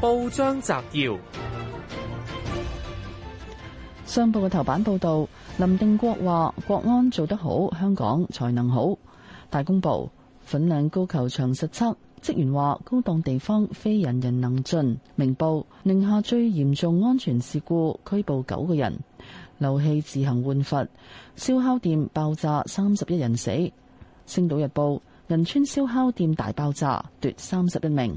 報章摘要：商報嘅頭版報道，林定國話國安做得好，香港才能好。大公報：粉嶺高球場實測。職員話高檔地方非人人能進。明報：寧夏最嚴重安全事故拘捕九個人，漏氣自行換罰。燒烤店爆炸，三十一人死。星島日報：銀川燒烤，烤店大爆炸奪三十一名。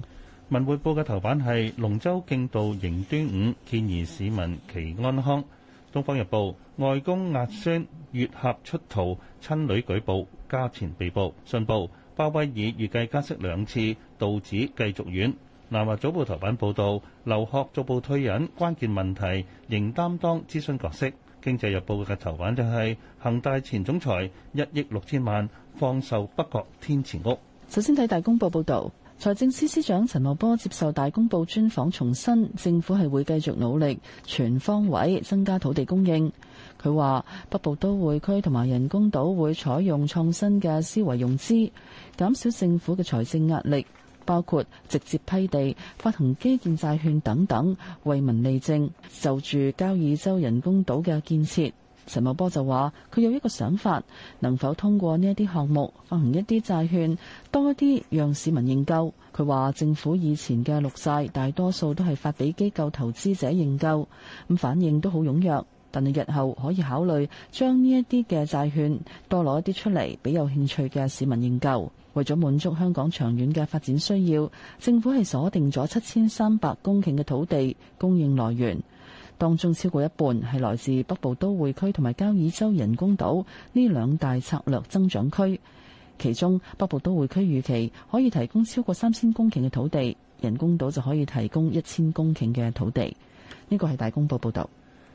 文匯報嘅頭版係龍舟競渡迎端午，建議市民祈安康。東方日報外公壓孫、月合出逃、親女舉報、家前被捕。信報鮑威爾預計加息兩次、道指繼續軟。南華早報頭版報道，劉鶴逐步退隱，關鍵問題仍擔當諮詢角色。經濟日報嘅頭版就係恒大前總裁一億六千萬放售北角天前屋。首先睇大公報報道。財政司司長陳茂波接受《大公報》專訪，重申政府係會繼續努力全方位增加土地供應。佢話北部都會區同埋人工島會採用創新嘅思維融資，減少政府嘅財政壓力，包括直接批地、發行基建債券等等，為民利政。就住交椅洲人工島嘅建設。陳茂波就話：佢有一個想法，能否通過呢一啲項目發行一啲債券，多啲讓市民認購。佢話政府以前嘅綠債，大多數都係發俾機構投資者認購，咁反應都好踊躍。但係日後可以考慮將呢一啲嘅債券多攞一啲出嚟，俾有興趣嘅市民認購。為咗滿足香港長遠嘅發展需要，政府係鎖定咗七千三百公頃嘅土地供應來源。當中超過一半係來自北部都會區同埋交椅洲人工島呢兩大策略增長區，其中北部都會區預期可以提供超過三千公頃嘅土地，人工島就可以提供一千公頃嘅土地。呢個係大公報報導。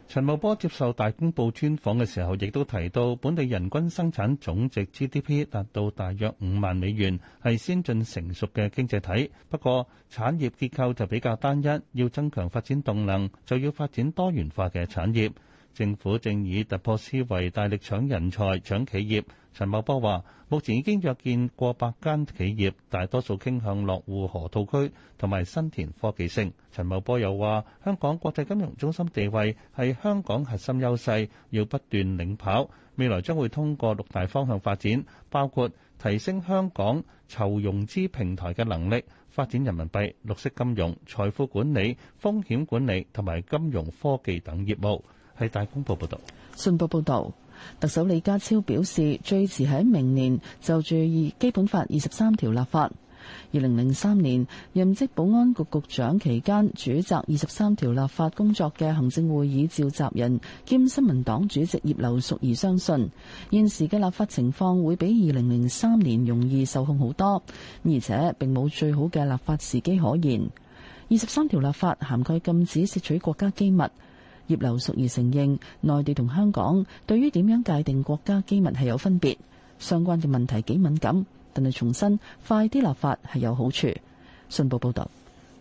陳茂波接受《大公報》專訪嘅時候，亦都提到本地人均生產總值 GDP 達到大約五萬美元，係先進成熟嘅經濟體。不過產業結構就比較單一，要增強發展動能，就要發展多元化嘅產業。政府正以突破思維大力搶人才、搶企業。陳茂波話：目前已經約見過百間企業，大多數傾向落戶河套區同埋新田科技城。陳茂波又話：香港國際金融中心地位係香港核心優勢，要不斷領跑。未來將會通過六大方向發展，包括提升香港籌融資平台嘅能力，發展人民幣、綠色金融、財富管理、風險管理同埋金融科技等業務。係大公報報道。信報報道，特首李家超表示，最遲喺明年就住《基本法》二十三條立法。二零零三年任職保安局局長期間，主責二十三條立法工作嘅行政會議召集人兼新聞黨主席葉劉淑儀相信，現時嘅立法情況會比二零零三年容易受控好多，而且並冇最好嘅立法時機可言。二十三條立法涵蓋禁止竊取國家機密。葉劉淑儀承認，內地同香港對於點樣界定國家機密係有分別，相關嘅問題幾敏感，但係重新快啲立法係有好處。信報報道，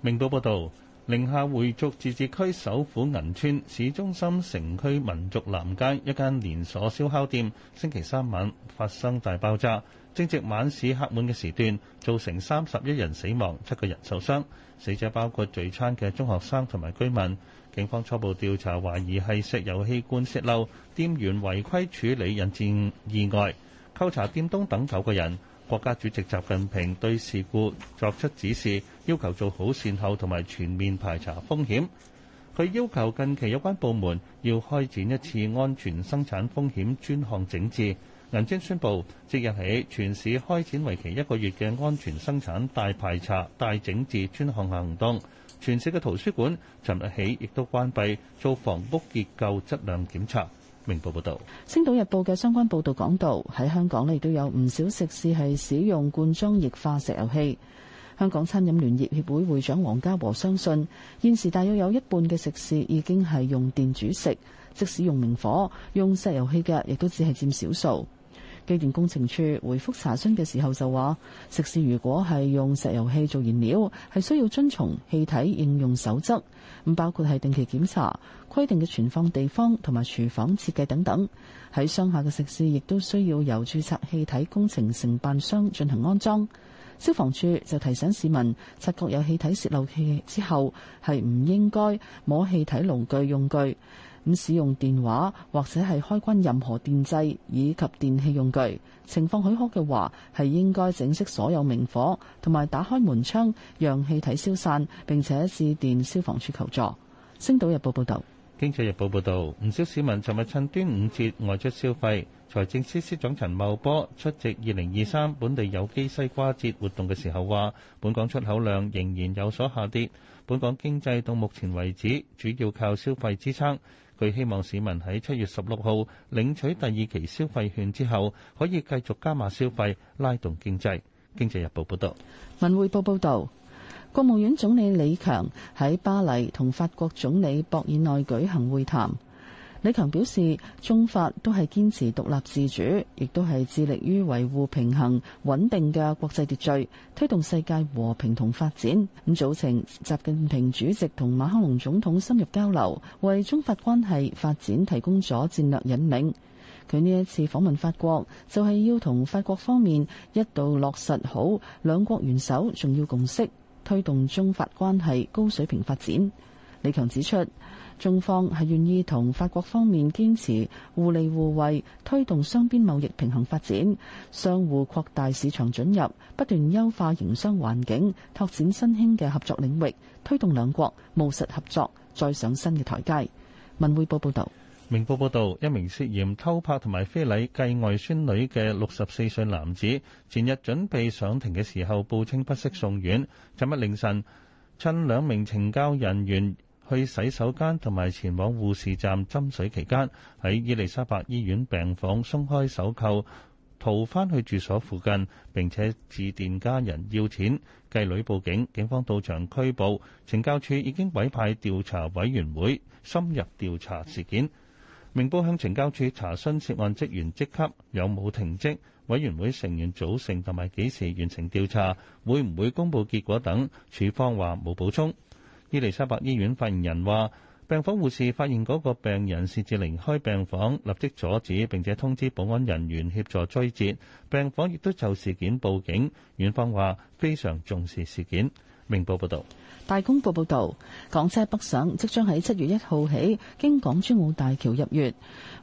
明報報道，寧夏回族自治區首府銀川市中心城區民族南街一間連鎖燒烤店星期三晚發生大爆炸，正值晚市客滿嘅時段，造成三十一人死亡，七個人受傷，死者包括聚餐嘅中學生同埋居民。警方初步調查懷疑係石油氣罐洩漏，店員違規處理引致意外，扣查店東等九個人。國家主席習近平對事故作出指示，要求做好善後同埋全面排查風險。佢要求近期有關部門要開展一次安全生產風險專項整治。銀川宣布，即日起全市開展為期一個月嘅安全生產大排查、大整治專項行動。全市嘅圖書館尋日起亦都關閉做房屋結構質量檢查。明報報導，《星島日報》嘅相關報導講到，喺香港咧，亦都有唔少食肆係使用罐裝液化石油氣。香港餐飲聯業協會會長黃家和相信，現時大約有一半嘅食肆已經係用電煮食，即使用明火用石油氣嘅，亦都只係佔少數。機電工程處回覆查詢嘅時候就話，食肆如果係用石油氣做燃料，係需要遵從氣體應用守則，咁包括係定期檢查、規定嘅存放地方同埋廚房設計等等。喺商廈嘅食肆亦都需要由註冊氣體工程承辦商進行安裝。消防處就提醒市民，察覺有氣體泄漏氣之後，係唔應該摸氣體爐具用具。咁使用電話或者係開關任何電掣以及電器用具，情況許可嘅話，係應該整熄所有明火，同埋打開門窗，讓氣體消散。並且致電消防處求助。星島日報報道。經濟日報報道，唔少市民尋日趁端午節外出消費。財政司司長陳茂波出席二零二三本地有機西瓜節活動嘅時候話，本港出口量仍然有所下跌。本港經濟到目前為止，主要靠消費支撐。佢希望市民喺七月十六號領取第二期消費券之後，可以繼續加碼消費，拉動經濟。經濟日報報道。文匯報報道，國務院總理李強喺巴黎同法國總理博爾內舉行會談。李強表示，中法都係堅持獨立自主，亦都係致力於維護平衡穩定嘅國際秩序，推動世界和平同發展。咁早前習近平主席同馬克龍總統深入交流，為中法關係發展提供咗戰略引領。佢呢一次訪問法國，就係、是、要同法國方面一道落實好兩國元首重要共識，推動中法關係高水平發展。李強指出。中方係願意同法國方面堅持互利互惠，推動雙邊貿易平衡發展，相互擴大市場准入，不斷優化營商環境，拓展新興嘅合作領域，推動兩國務實合作再上新嘅台階。文匯報報道：「明報報道，一名涉嫌偷拍同埋非禮繼外孫女嘅六十四歲男子，前日準備上庭嘅時候，報稱不適送院。尋日凌晨，趁兩名懲教人員，去洗手間同埋前往護士站斟水期間，喺伊利沙伯醫院病房鬆開手銬，逃返去住所附近，並且致電家人要錢，繼女報警，警方到場拘捕。懲教署已經委派調查委員會深入調查事件。明報向懲教署查詢涉案職員職級有冇停職，委員會成員組成同埋幾時完成調查，會唔會公佈結果等。處方話冇補充。伊利沙伯醫院發言人話，病房護士發現嗰個病人擅自離開病房，立即阻止，並且通知保安人員協助追截。病房亦都就事件報警。院方話非常重視事件。明報報道，大公報報道，港車北上即將喺七月一號起經港珠澳大橋入粵。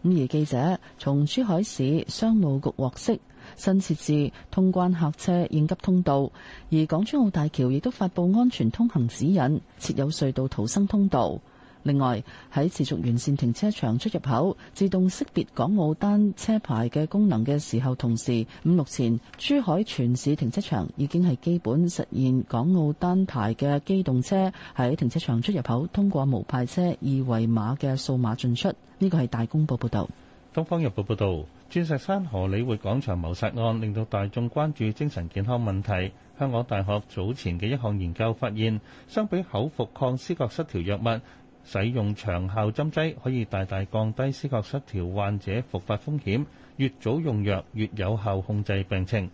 咁而記者從珠海市商務局獲悉。新設置通關客車應急通道，而港珠澳大橋亦都發佈安全通行指引，設有隧道逃生通道。另外，喺持續完善停車場出入口自動識別港澳單車牌嘅功能嘅時候，同時，目前，珠海全市停車場已經係基本實現港澳單牌嘅機動車喺停車場出入口通過無牌車二維碼嘅數碼進出。呢個係大公報報道。東方日報,報》報導。鑽石山荷里活廣場謀殺案令到大眾關注精神健康問題。香港大學早前嘅一項研究發現，相比口服抗思覺失調藥物，使用長效針劑可以大大降低思覺失調患者復發風險。越早用藥，越有效控制病情。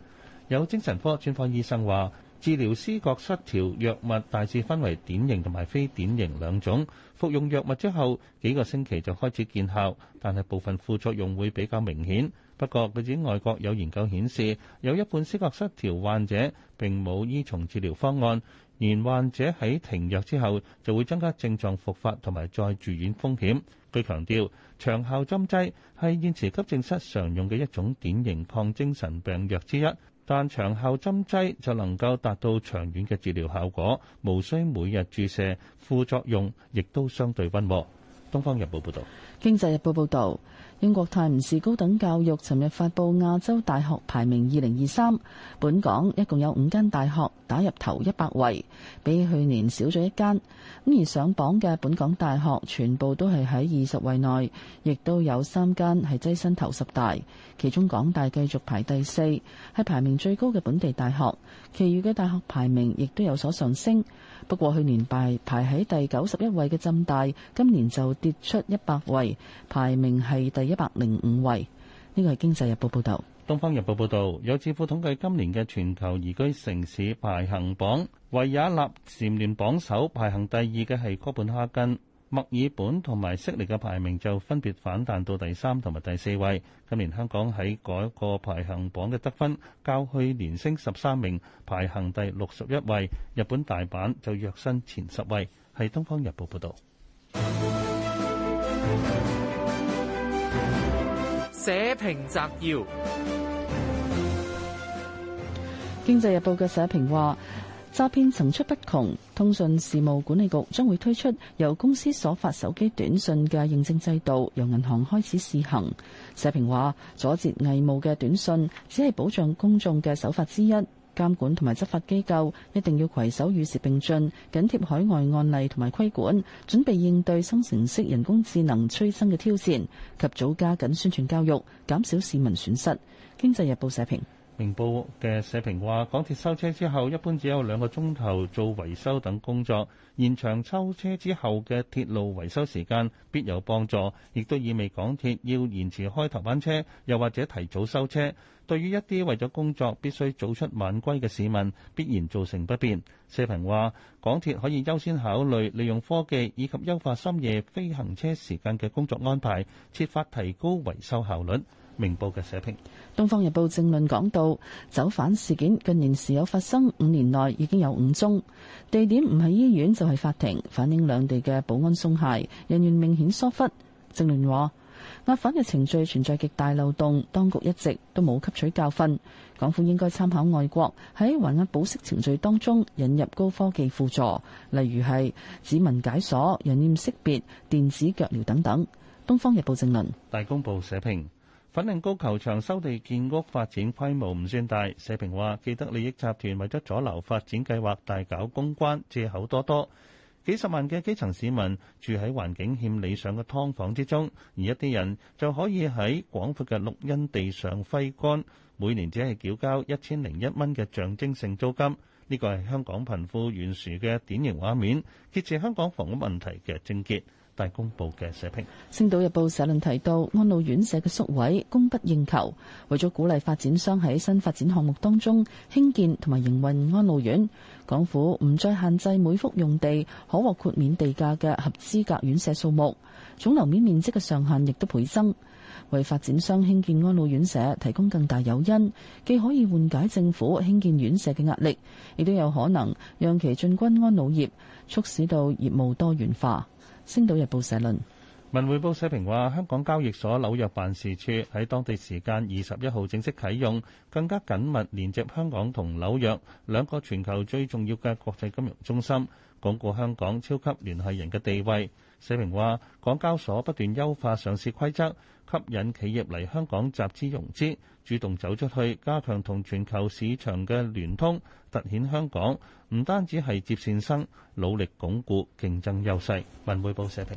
有精神科專科醫生話。治療思覺失調藥物大致分為典型同埋非典型兩種。服用藥物之後幾個星期就開始見效，但係部分副作用會比較明顯。不過據指外國有研究顯示，有一半思覺失調患者並冇依從治療方案，而患者喺停藥之後就會增加症狀復發同埋再住院風險。據強調，長效針劑係現時急症室常用嘅一種典型抗精神病藥之一。但長效針劑就能夠達到長遠嘅治療效果，無需每日注射，副作用亦都相對温和。《東方日報》報道。經濟日報報道，英國泰晤士高等教育尋日發佈亞洲大學排名二零二三，本港一共有五間大學打入頭一百位，比去年少咗一間。咁而上榜嘅本港大學全部都係喺二十位內，亦都有三間係躋身頭十大，其中港大繼續排第四，係排名最高嘅本地大學。其餘嘅大學排名亦都有所上升，不過去年排排喺第九十一位嘅浸大，今年就跌出一百位。排名係第一百零五位，呢個係經濟日報報道。東方日報報道，有智庫統計今年嘅全球宜居城市排行榜，維也納蟬聯榜首，排行第二嘅係哥本哈根，墨爾本同埋悉尼嘅排名就分別反彈到第三同埋第四位。今年香港喺嗰一個排行榜嘅得分較去年升十三名，排行第六十一位。日本大阪就躍身前十位，係東方日報報道。社評摘要：經濟日報嘅社評話，詐騙層出不窮，通訊事務管理局將會推出由公司所發手機短信嘅認證制度，由銀行開始試行。社評話，阻截偽冒嘅短信只係保障公眾嘅手法之一。監管同埋執法機構一定要攜手與時並進，緊貼海外案例同埋規管，準備應對新型式人工智能催生嘅挑戰，及早加緊宣傳教育，減少市民損失。經濟日報社評。明報嘅社評話，港鐵收車之後，一般只有兩個鐘頭做維修等工作。延長收車之後嘅鐵路維修時間，必有幫助，亦都意味港鐵要延遲開頭班車，又或者提早收車。對於一啲為咗工作必須早出晚歸嘅市民，必然造成不便。社評話，港鐵可以優先考慮利用科技以及優化深夜非行車時間嘅工作安排，設法提高維修效率。明報嘅社評，《東方日報正論》講到，走犯事件近年時有發生，五年內已經有五宗，地點唔係醫院就係法庭，反映兩地嘅保安鬆懈，人員明顯疏忽。正論話押犯嘅程序存在極大漏洞，當局一直都冇吸取教訓。港府應該參考外國喺還押保釋程序當中引入高科技輔助，例如係指紋解鎖、人臉識別、電子腳鐐等等。《東方日報正論》大公報社評。粉嶺高球場收地建屋發展規模唔算大，社評話：既得利益集團為咗阻撓發展計劃，大搞公關，借口多多。幾十萬嘅基層市民住喺環境欠理想嘅劏房之中，而一啲人就可以喺廣闊嘅綠茵地上揮杆，每年只係繳交一千零一蚊嘅象徵性租金。呢個係香港貧富懸殊嘅典型畫面，揭示香港房屋問題嘅症結。大公報嘅社評。星島日報社論提到，安老院舍嘅宿位供不應求，為咗鼓勵發展商喺新發展項目當中興建同埋營運安老院，港府唔再限制每幅用地可獲豁免地價嘅合資格院舍數目，總樓面面積嘅上限亦都倍增，為發展商興建安老院舍提供更大誘因，既可以緩解政府興建院舍嘅壓力，亦都有可能讓其進軍安老業，促使到業務多元化。《星島日報》社論：文匯報社評話，香港交易所紐約辦事處喺當地時間二十一號正式啟用，更加緊密連接香港同紐約兩個全球最重要嘅國際金融中心，鞏固香港超級聯繫人嘅地位。社評話，港交所不斷優化上市規則，吸引企業嚟香港集資融資，主動走出去，加強同全球市場嘅聯通，凸顯香港唔單止係接線生，努力鞏固競爭優勢。文匯報社評。